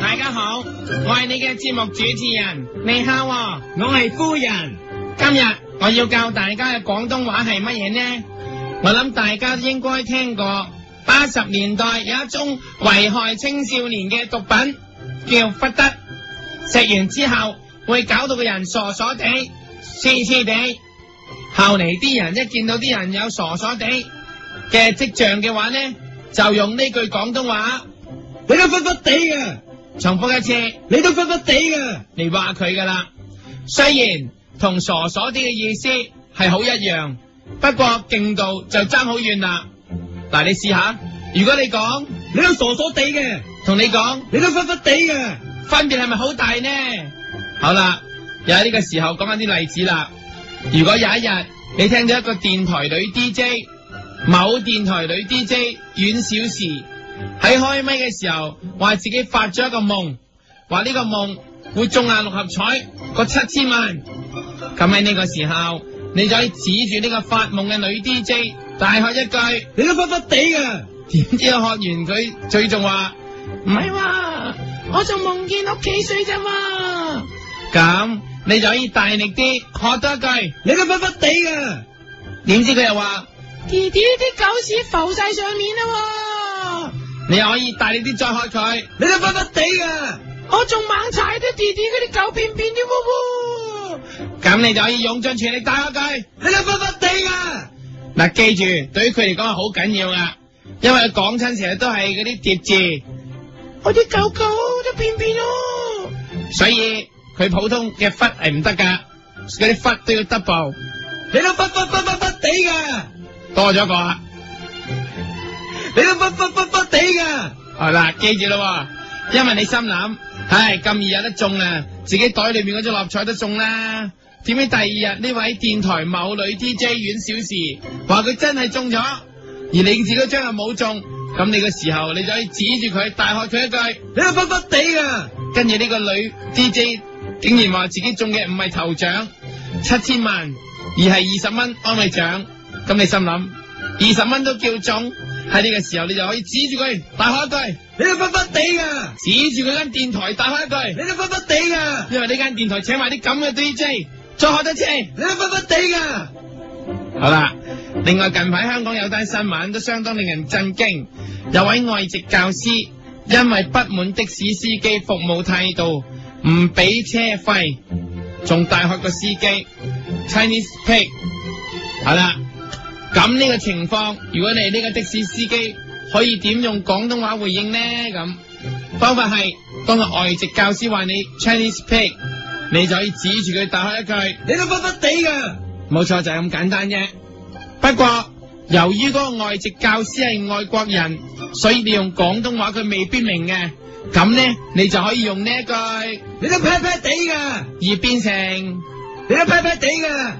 大家好，我係你嘅節目主持人，你好哦，我係夫人。今日我要教大家嘅廣東話係乜嘢呢？我諗大家都應該聽過，八十年代有一種危害青少年嘅毒品叫忽得，食完之後會搞到個人傻傻地、痴痴地。後嚟啲人一見到啲人有傻傻地嘅跡象嘅話呢？就用呢句廣東話，你都忽忽地嘅，重複一次，你都忽忽地嘅嚟話佢噶啦。雖然同傻傻地嘅意思係好一樣，不過勁度就爭好遠啦。嗱，你試下，如果你講你都傻傻地嘅，同你講你都忽忽地嘅，分別係咪好大呢？好啦，又喺呢個時候講下啲例子啦。如果有一日你聽到一個電台女 DJ。某電台女 DJ 阮小時喺開咪嘅時候，話自己發咗一個夢，話呢個夢會中啊六合彩個七千萬。咁喺呢個時候，你就可以指住呢個發夢嘅女 DJ 大喝一句：你都忽忽地嘅。點知喝完佢最仲話唔係話，我就夢見屋企水啫。咁你就可以大力啲喝多一句：你都忽忽地嘅。點知佢又話。弟弟啲狗屎浮晒上面啦、哦，你可以大力啲再開佢，你都忽忽地嘅。我仲猛踩啲弟弟嗰啲狗便便添喎、哦哦，咁你就可以用盡全力打佢，你都忽忽地嘅。嗱、啊，記住，對於佢嚟講係好緊要噶，因為講親成日都係嗰啲疊字，我啲狗狗都便便咯、哦，所以佢普通嘅忽係唔得噶，嗰啲忽都要 double，你都忽忽忽忽忽地嘅。多咗一個，你都不不不不，不地噶，係啦、啊，記住咯，因為你心諗，唉、哎，咁易有得中啊，自己袋裏面嗰張六合彩都中啦。點知第二日呢位電台某女 DJ 阮小時話佢真係中咗，而你自己嗰張又冇中，咁你個時候你就可以指住佢大喝佢一句，你都不不，不地噶。跟住呢個女 DJ 竟然話自己中嘅唔係頭獎七千萬，而係二十蚊安慰獎。咁你心諗二十蚊都叫中，喺呢個時候你就可以指住佢大喝一句：你都忽忽地噶！指住佢間電台大喝一句：你都忽忽地噶！因為呢間電台請埋啲咁嘅 DJ，再學得車，你都忽忽地噶好啦，另外近排香港有單新聞都相當令人震驚，有位外籍教師因為不滿的士司機服務態度唔俾車費，仲大喝個司機 Chinese Pig。好啦。咁呢個情況，如果你呢個的士司機，可以點用廣東話回應呢？咁方法係當個外籍教師話你 Chinese pig 你就可以指住佢打開一句，你都忽忽地嘅，冇錯就係咁簡單啫。不過由於嗰個外籍教師係外國人，所以你用廣東話佢未必明嘅。咁呢，你就可以用呢一句，你都劈劈地嘅，而變成你都劈劈地嘅。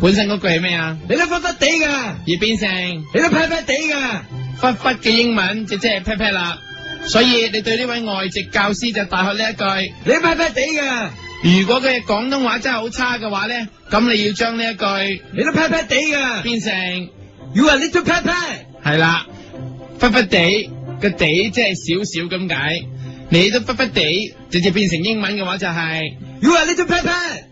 本身嗰句係咩啊？你都忽忽地噶，變成你都啪啪 t 地噶，忽忽嘅英文就即係啪啪 t 啦。所以你對呢位外籍教師就大學呢一句，你都啪啪 p 地噶。如果佢嘅廣東話真係好差嘅話咧，咁你要將呢一句你都啪啪 t 地噶，變成 you are little pat pat。係啦，忽忽地個地即係少少咁解，你都忽忽地直接變成英文嘅話就係 you are little pat pat。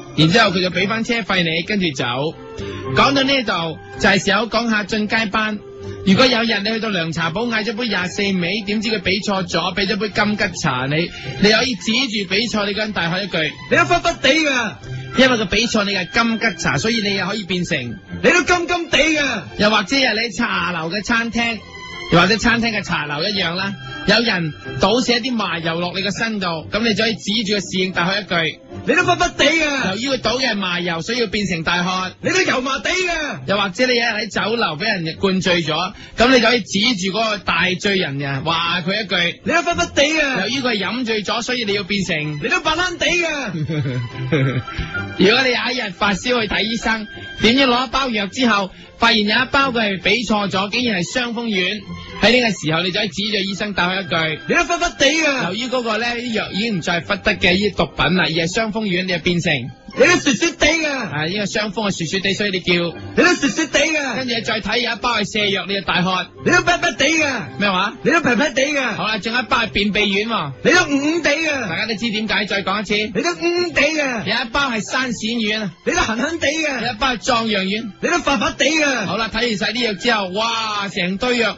然之後佢就俾翻車費你，跟住走。講到呢度就係時候講下進階班。如果有日你去到涼茶鋪嗌咗杯廿四味，點知佢俾錯咗，俾咗杯金桔茶你，你可以指住俾錯你根大漢一句，你都忽忽地噶。因為佢俾錯你係金桔茶，所以你又可以變成你都金金地噶。又或者係你茶樓嘅餐廳。又或者餐廳嘅茶樓一樣啦，有人倒瀉一啲麻油落你個身度，咁你就可以指住個侍應大喝一句：，你都乜乜地嘅、啊。由於佢倒嘅麻油，所以要變成大汗，你都油麻地嘅、啊。又或者你有一日喺酒樓俾人灌醉咗，咁你就可以指住嗰個大醉人啊，話佢一句：，你都乜乜地嘅、啊。由於佢係飲醉咗，所以你要變成你都白蘭地嘅、啊。如果你有一日發燒去睇醫生。點知攞一包藥之後，發現有一包佢係俾錯咗，竟然係傷風丸。喺呢個時候，你就喺指住醫生大喝一句：你都忽忽地嘅。由於嗰個咧，啲藥已經唔再忽得嘅，啲毒品啦，而係傷風丸，你就變成你都雪雪地嘅。啊，呢個傷風係雪雪地，所以你叫你都雪雪地嘅。跟住再睇有一包係瀉藥，你就大喝，你都忽忽地嘅。咩話？你都忽忽地嘅。好啦，仲有一包係便秘丸，你都唔唔地嘅。大家都知點解？再講一次，你都唔唔地嘅。有一包係山癬丸，你都痕痕地嘅。有一包係壯陽丸，你都忽忽地嘅。好啦，睇完晒啲藥之後，哇，成堆藥。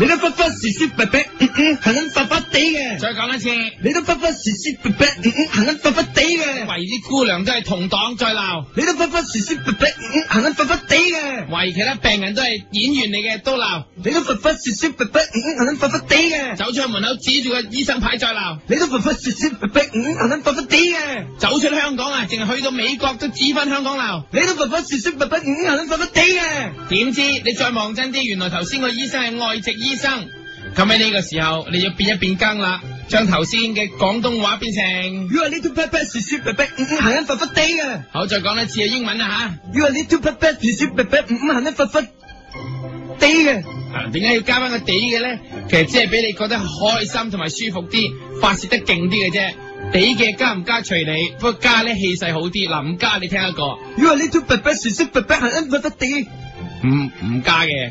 你都忽忽蝕蝕白白，嗯行忽忽地嘅。再講一次，你都忽忽蝕蝕白白，嗯行忽忽地嘅。懷疑啲姑娘都係同黨再鬧，你都忽忽蝕蝕白白，嗯行忽忽地嘅。懷疑其他病人都係演員嚟嘅都鬧，你都忽忽蝕蝕白白，嗯行忽忽地嘅。走出門口指住個醫生牌再鬧，你都忽忽蝕蝕白白，嗯行忽忽地嘅。走出香港啊，淨係去到美國都指翻香港鬧， 你都忽忽蝕蝕白白，嗯行忽忽地嘅。點知你再望真啲，原來頭先個醫生係外籍醫。醫生，咁喺呢個時候你要變一變更啦，將頭先嘅廣東話變成。You are little pet pet 誓誓 baby，係咁忽忽地嘅。好，再講一次英文啦吓。啊、You are little pet pet 誓誓 baby，五五、um, 行得忽忽地嘅。啊，點解要加翻個地嘅咧？其實只係俾你覺得開心同埋舒服啲，發泄得勁啲嘅啫。地嘅加唔加隨你，氣勢不過加咧氣勢好啲。嗱，唔加你聽一個。You are little pet pet 誓誓 baby，係咁忽忽地。唔唔、嗯、加嘅。